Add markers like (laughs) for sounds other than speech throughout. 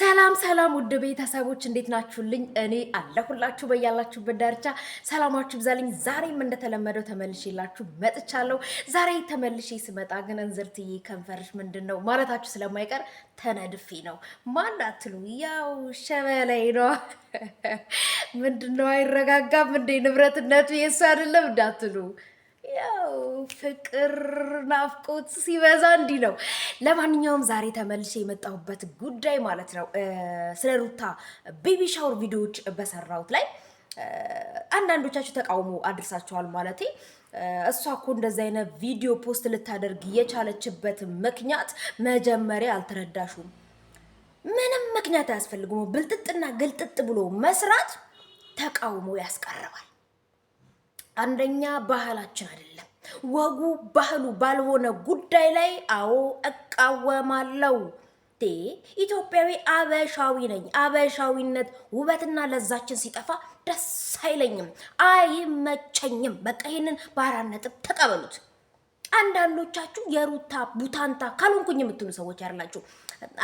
ሰላም ሰላም፣ ውድ ቤተሰቦች እንዴት ናችሁልኝ? እኔ አለሁላችሁ በያላችሁበት ዳርቻ ሰላማችሁ ብዛልኝ። ዛሬም እንደተለመደው ተመልሼላችሁ መጥቻለሁ። ዛሬ ተመልሼ ስመጣ ግን እንዝርትዬ ከንፈርሽ ምንድን ነው ማለታችሁ ስለማይቀር ተነድፌ ነው ማንዳትሉ፣ ያው ሸበላይ ነው (laughs) ምንድን ነው አይረጋጋም እንዴ ንብረትነቱ የሱ አይደለም እንዳትሉ ያው ፍቅር ናፍቆት ሲበዛ እንዲህ ነው። ለማንኛውም ዛሬ ተመልሼ የመጣሁበት ጉዳይ ማለት ነው ስለ ሩታ ቤቢ ሻወር ቪዲዮዎች በሰራሁት ላይ አንዳንዶቻችሁ ተቃውሞ አድርሳችኋል። ማለት እሷ እኮ እንደዚ አይነት ቪዲዮ ፖስት ልታደርግ የቻለችበት ምክንያት መጀመሪያ አልተረዳሹም። ምንም ምክንያት አያስፈልግም። ብልጥጥና ግልጥጥ ብሎ መስራት ተቃውሞ ያስቀርባል። አንደኛ ባህላችን አይደለም ወጉ ባህሉ ባልሆነ ጉዳይ ላይ አዎ እቃወማለሁ። ቴ ኢትዮጵያዊ አበሻዊ ነኝ። አበሻዊነት ውበትና ለዛችን ሲጠፋ ደስ አይለኝም፣ አይመቸኝም። በቃ ይህንን በአራት ነጥብ ተቀበሉት። አንዳንዶቻችሁ የሩታ ቡታንታ ካልሆንኩኝ የምትሉ ሰዎች ያላችሁ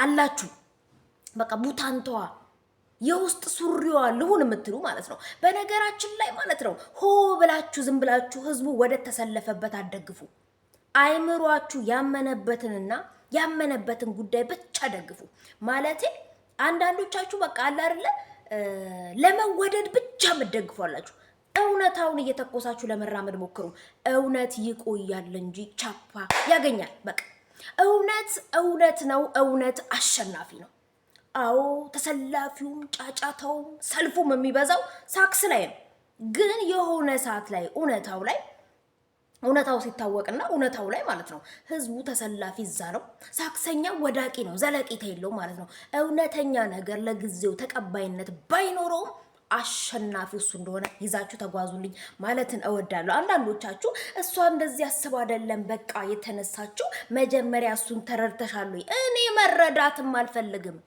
አላችሁ። በቃ ቡታንታዋ የውስጥ ሱሪዋ ልሁን የምትሉ ማለት ነው። በነገራችን ላይ ማለት ነው ሆ ብላችሁ ዝም ብላችሁ ህዝቡ ወደ ተሰለፈበት አደግፉ። አይምሯችሁ ያመነበትንና ያመነበትን ጉዳይ ብቻ ደግፉ። ማለቴ አንዳንዶቻችሁ በቃ አለ አይደለ ለመወደድ ብቻ ምደግፏላችሁ። እውነታውን እየተኮሳችሁ ለመራመድ ሞክሩ። እውነት ይቆያል እንጂ ቻፓ ያገኛል። በቃ እውነት እውነት ነው። እውነት አሸናፊ ነው። አዎ ተሰላፊውም ጫጫታውም ሰልፉም የሚበዛው ሳክስ ላይ ነው። ግን የሆነ ሰዓት ላይ እውነታው ላይ እውነታው ሲታወቅና እውነታው ላይ ማለት ነው ህዝቡ ተሰላፊ እዛ ነው። ሳክሰኛ ወዳቂ ነው፣ ዘለቂታ የለው ማለት ነው። እውነተኛ ነገር ለጊዜው ተቀባይነት ባይኖረውም አሸናፊ እሱ እንደሆነ ይዛችሁ ተጓዙልኝ ማለትን እወዳለሁ። አንዳንዶቻችሁ እሷ እንደዚህ አስብ አይደለም በቃ የተነሳችው መጀመሪያ እሱን ተረድተሻሉ። እኔ መረዳትም አልፈልግም።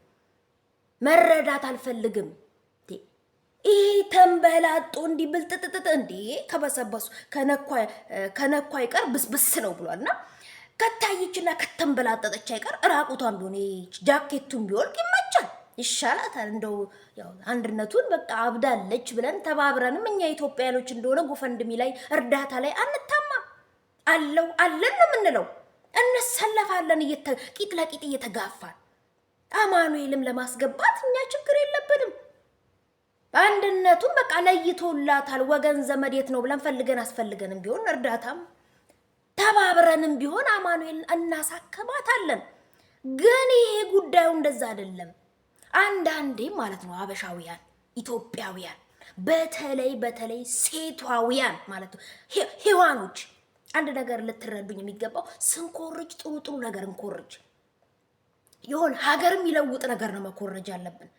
መረዳት አልፈልግም። ይሄ ተንበላጦ እንዲህ ብልጥጥጥጥ እንዲህ ከበሰበሱ ከነኳ አይቀር ብስብስ ነው ብሏል እና ከታየችና ከተንበላጠጠች አይቀር ራቁቷን ቢሆን ጃኬቱን ቢወልቅ ይመቻል፣ ይሻላታል። እንደው አንድነቱን በቃ አብዳለች ብለን ተባብረንም እኛ ኢትዮጵያኖች እንደሆነ ጎፈንድሚ ላይ እርዳታ ላይ አንታማ አለው አለን ነው የምንለው፣ እንሰለፋለን ቂጥ ለቂጥ እየተጋፋል አማኑኤልም ለማስገባት እኛ ችግር የለብንም። አንድነቱም በቃ ለይቶላታል። ወገን ዘመድ የት ነው ብለን ፈልገን አስፈልገንም ቢሆን እርዳታም ተባብረንም ቢሆን አማኑኤል እናሳከማታለን። ግን ይሄ ጉዳዩ እንደዛ አይደለም። አንዳንዴ ማለት ነው አበሻውያን፣ ኢትዮጵያውያን በተለይ በተለይ ሴቷውያን ማለት ነው ሔዋኖች፣ አንድ ነገር ልትረዱኝ የሚገባው ስንኮርጅ ጥሩ ጥሩ ነገር እንኮርጅ የሆን ሀገርም ይለውጥ ነገር ነው መኮረጅ አለብን።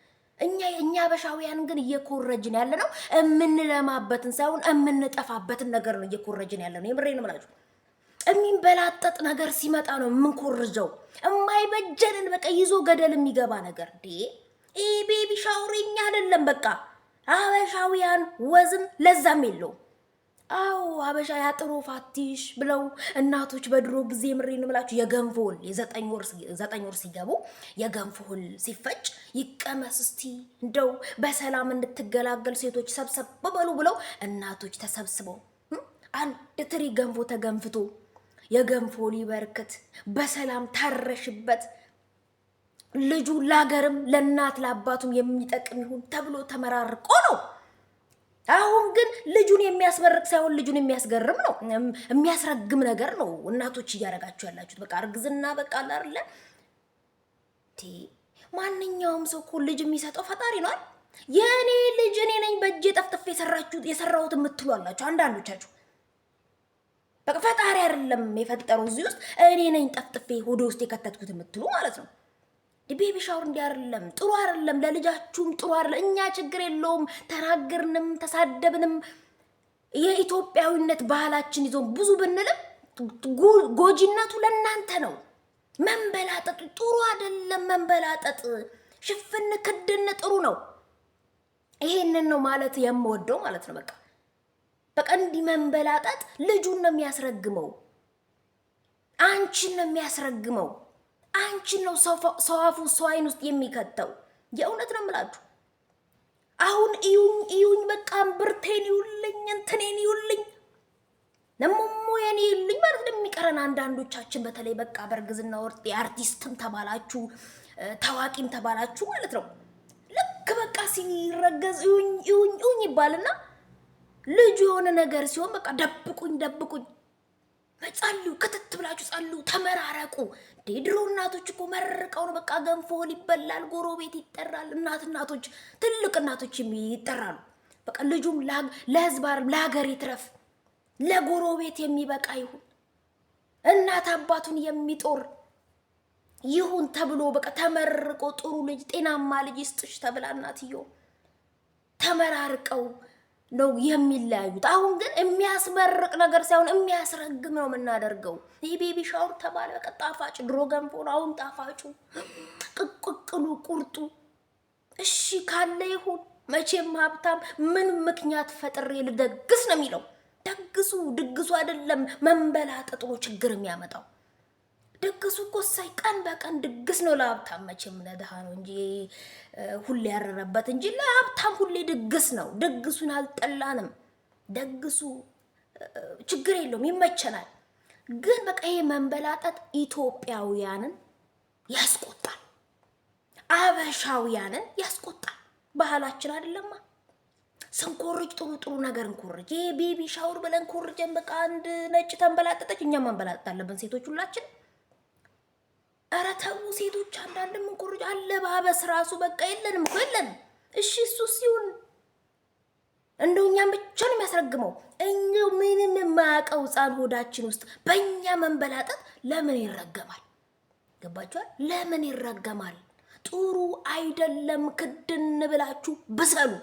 እኛ የእኛ በሻውያን ግን እየኮረጅን ያለ ነው የምንለማበትን ሳይሆን የምንጠፋበትን ነገር ነው እየኮረጅን ያለ ነው። የምሬን ምላችሁ የሚንበላጠጥ ነገር ሲመጣ ነው የምንኮርጀው። የማይበጀንን በቃ ይዞ ገደል የሚገባ ነገር ዴ ቤቢ ሻውሪኛ አይደለም። በቃ አበሻውያን ወዝም ለዛም የለውም። አዎ ሀበሻ ያጥሩ ፋቲሽ ብለው እናቶች በድሮ ጊዜ ምሬ ነው የምላችሁ ዘጠኝ ወር ሲገቡ የገንፎል ሲፈጭ ይቀመስ እስቲ እንደው በሰላም እንድትገላገል ሴቶች ሰብሰብ በሉ ብለው እናቶች ተሰብስበው አንድ ትሪ ገንፎ ተገንፍቶ የገንፎ ሊበርክት በሰላም ታረሽበት ልጁ ለሀገርም ለእናት ለአባቱም የሚጠቅም ይሁን ተብሎ ተመራርቆ ነው አሁን ግን ልጁን የሚያስመርቅ ሳይሆን ልጁን የሚያስገርም ነው፣ የሚያስረግም ነገር ነው። እናቶች እያደረጋችሁ ያላችሁት በቃ እርግዝና በቃ አላርለ ማንኛውም ሰው እኮ ልጅ የሚሰጠው ፈጣሪ ነዋል። የእኔ ልጅ እኔ ነኝ በእጄ ጠፍጥፍ የሰራሁት የምትሉ አላችሁ አንዳንዶቻችሁ። በቃ ፈጣሪ አይደለም የፈጠረው እዚህ ውስጥ እኔ ነኝ ጠፍጥፌ ሆዴ ውስጥ የከተትኩት የምትሉ ማለት ነው። ቤቢ ሻወር እንዲህ አይደለም፣ ጥሩ አይደለም፣ ለልጃችሁም ጥሩ አይደለም። እኛ ችግር የለውም፣ ተናገርንም ተሳደብንም የኢትዮጵያዊነት ባህላችን ይዞ ብዙ ብንልም ጎጂነቱ ለእናንተ ነው። መንበላጠጡ ጥሩ አይደለም። መንበላጠጥ ሽፍን ክድን ጥሩ ነው። ይሄንን ነው ማለት የምወደው ማለት ነው። በቃ በቃ እንዲህ መንበላጠጥ ልጁን ነው የሚያስረግመው፣ አንቺን ነው የሚያስረግመው። አንቺን ነው ሰው አፉ ሰው አይን ውስጥ የሚከተው። የእውነት ነው የምላችሁ። አሁን እዩኝ እዩኝ፣ በቃ ብርቴን ይውልኝ፣ እንትኔን ይውልኝ፣ ለሞሞ የኔ ይውልኝ ማለት ነው የሚቀረን። አንዳንዶቻችን በተለይ በቃ በእርግዝና ወርጥ የአርቲስትም ተባላችሁ ታዋቂም ተባላችሁ ማለት ነው ልክ በቃ ሲረገዝ እዩኝ እዩኝ እዩኝ ይባልና ልጁ የሆነ ነገር ሲሆን በቃ ደብቁኝ ደብቁኝ ጸልዩ፣ ክትት ብላችሁ ጸልዩ፣ ተመራረቁ። ድሮ እናቶች እኮ መርቀው ነው በቃ ገንፎ ይበላል፣ ቤት ይጠራል። እናት እናቶች ትልቅ እናቶች ይጠራሉ። በቃ ልጁም ለህዝብ ለሀገር ይትረፍ፣ ለጎሮ ቤት የሚበቃ ይሁን፣ እናት አባቱን የሚጦር ይሁን ተብሎ በቃ ተመርቆ ጥሩ ልጅ ጤናማ ልጅ ይስጥሽ ተብላ እናትየው ተመራርቀው ነው የሚለያዩት። አሁን ግን የሚያስመርቅ ነገር ሳይሆን የሚያስረግም ነው የምናደርገው። ይህ ቤቢ ሻወር ተባለ በቃ ጣፋጭ። ድሮ ገንፎ ነው፣ አሁን ጣፋጩ ቅቅቅሉ፣ ቁርጡ። እሺ ካለ ይሁን። መቼም ሀብታም ምን ምክንያት ፈጥሬ ልደግስ ነው የሚለው። ደግሱ ድግሱ አይደለም መንበላጠጥ ነው ችግር የሚያመጣው። ድግሱ እኮ ሳይ ቀን በቀን ድግስ ነው። ለሀብታም መቼም ለድሃ ነው እንጂ ሁሌ ያረረበት እንጂ ለሀብታም ሁሌ ድግስ ነው። ድግሱን አልጠላንም። ደግሱ ችግር የለውም ይመቸናል። ግን በቃ ይሄ መንበላጠጥ ኢትዮጵያውያንን ያስቆጣል፣ አበሻውያንን ያስቆጣል። ባህላችን አይደለማ። ስንኮርጅ ጥሩ ጥሩ ነገር እንኮርጅ። ይሄ ቤቢ ሻውር ብለን ኮርጀን በቃ አንድ ነጭ ተንበላጠጠች፣ እኛም መንበላጠጥ አለብን ሴቶች ሁላችን። ኧረ ተው ሴቶች፣ አንዳንድም እንቁርጭ አለባበስ ራሱ በቃ የለንም እኮ እሺ እሱ ሲሆን እንደው እኛም ብቻ ነው የሚያስረግመው። እኛው ምንም የማያውቀው ሕፃን ሆዳችን ውስጥ በእኛ መንበላጠት ለምን ይረገማል? ገባችኋል? ለምን ይረገማል? ጥሩ አይደለም። ክድን ብላችሁ ብሰሉ።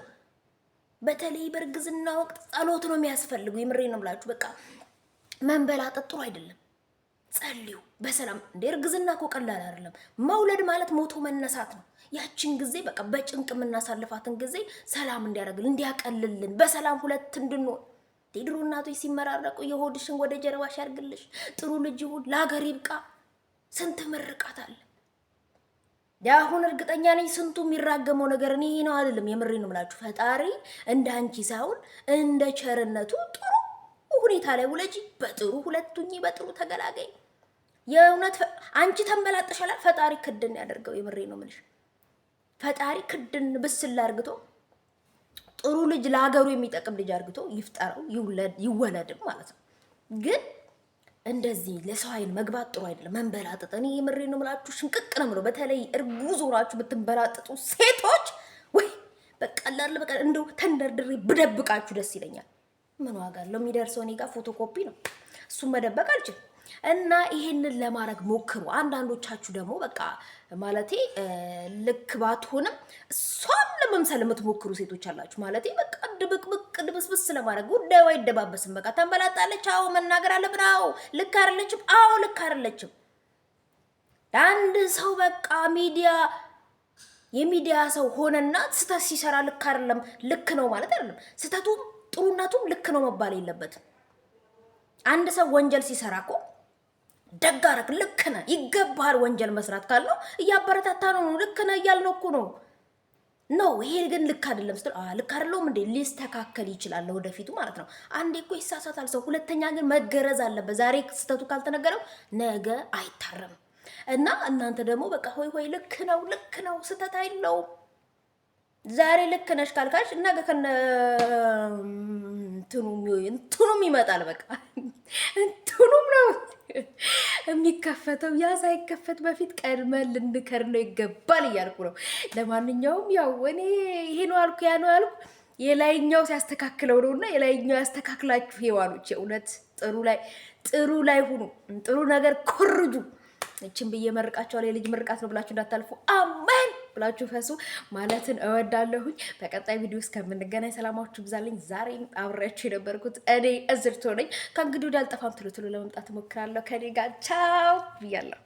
በተለይ በእርግዝና ወቅት ጸሎት ነው የሚያስፈልጉ። የምሬ ነው ብላችሁ በቃ መንበላጠት ጥሩ አይደለም። ጸልዩ በሰላም እንደ እርግዝና እኮ ቀላል አይደለም። መውለድ ማለት ሞቶ መነሳት ነው። ያችን ጊዜ በቃ በጭንቅ የምናሳልፋትን ጊዜ ሰላም እንዲያደርግልን እንዲያቀልልን፣ በሰላም ሁለት እንድንሆን ድሮ እናቶች ሲመራረቁ የሆድሽን ወደ ጀርባሽ ያርግልሽ፣ ጥሩ ልጅ ይሁን፣ ለሀገር ይብቃ። ስንት ምርቃት አለ። የአሁን እርግጠኛ ነኝ ስንቱ የሚራገመው ነገር እኔ ነው አይደለም። የምሬ ነው የምላችሁ። ፈጣሪ እንደ አንቺ ሳይሆን እንደ ቸርነቱ ጥሩ ሁኔታ ላይ ውለጂ፣ በጥሩ ሁለቱኝ፣ በጥሩ ተገላገኝ። የእውነት አንቺ ተንበላጥሻላ። ፈጣሪ ክድን ያደርገው። የምሬ ነው የምልሽ። ፈጣሪ ክድን ብስል አርግቶ ጥሩ ልጅ ለሀገሩ የሚጠቅም ልጅ አርግቶ ይፍጠረው ይወለድም ማለት ነው። ግን እንደዚህ ለሰው አይን መግባት ጥሩ አይደለም። መንበላጥጥ እኔ የምሬ ነው ምላችሁ፣ ሽንቅቅ ነው ምለው። በተለይ እርጉዝ ሆናችሁ ብትንበላጥጡ ሴቶች፣ ወይ በቀላል በቀ እንደው ተንደርድሬ ብደብቃችሁ ደስ ይለኛል። ምን ዋጋ አለው? የሚደርሰው እኔ ጋር ፎቶኮፒ ነው። እሱ መደበቅ አልችልም። እና ይሄንን ለማድረግ ሞክሩ። አንዳንዶቻችሁ ደግሞ በቃ ማለቴ ልክ ባትሆንም እሷም ለመምሰል የምትሞክሩ ሴቶች አላችሁ። ማለቴ በቃ ድብቅብቅ ድብስብስ ለማድረግ ጉዳዩ አይደባበስም። በቃ ተንበላጣለች፣ አዎ መናገር አለብን፣ አዎ ልክ አይደለችም፣ አዎ ልክ አይደለችም። አንድ ሰው በቃ ሚዲያ የሚዲያ ሰው ሆነና ስህተት ሲሰራ ልክ አይደለም ልክ ነው ማለት አይደለም። ስህተቱም ጥሩነቱም ልክ ነው መባል የለበትም። አንድ ሰው ወንጀል ሲሰራ እኮ ደጋረክ አደረግ። ልክ ነህ፣ ይገባሃል። ወንጀል መስራት ካለው እያበረታታ ነው። ልክ ነህ እያልነው እኮ ነው ነው ይሄ ግን ልክ አይደለም ስትል፣ ልክ አይደለም እንዴ ሊስተካከል ይችላል ወደፊቱ ማለት ነው። አንዴ እኮ ይሳሳታል ሰው። ሁለተኛ ግን መገረዝ አለበት። ዛሬ ስህተቱ ካልተነገረው ነገ አይታረም። እና እናንተ ደግሞ በቃ ሆይ ሆይ ልክ ነው ልክ ነው ስህተት አይለውም። ዛሬ ልክ ነሽ ካልካሽ ነገ ከነ እንትኑም ይመጣል። በቃ እንትኑም ነው የሚከፈተው ያ ሳይከፈት በፊት ቀድመን ልንከር ነው ይገባል እያልኩ ነው። ለማንኛውም ያው እኔ ይሄ ነው አልኩ ያ ነው አልኩ የላይኛው ሲያስተካክለው ነው እና የላይኛው ያስተካክላችሁ ሄዋኖች የእውነት ጥሩ ላይ ጥሩ ላይ ሁኑ፣ ጥሩ ነገር ኮርጁ። እችን ብዬ መርቃቸዋል። የልጅ ምርቃት ነው ብላችሁ እንዳታልፉ። ብላችሁ ፈሱ ማለትን እወዳለሁኝ። በቀጣይ ቪዲዮ እስከምንገናኝ ሰላማችሁ ብዛልኝ። ዛሬም አብሬያችሁ የነበርኩት እኔ እዝርቶ ነኝ። ከእንግዲህ ወዲያ አልጠፋም፣ ትሎ ትሎ ለመምጣት እሞክራለሁ። ከኔ ጋር ቻው ብያለሁ።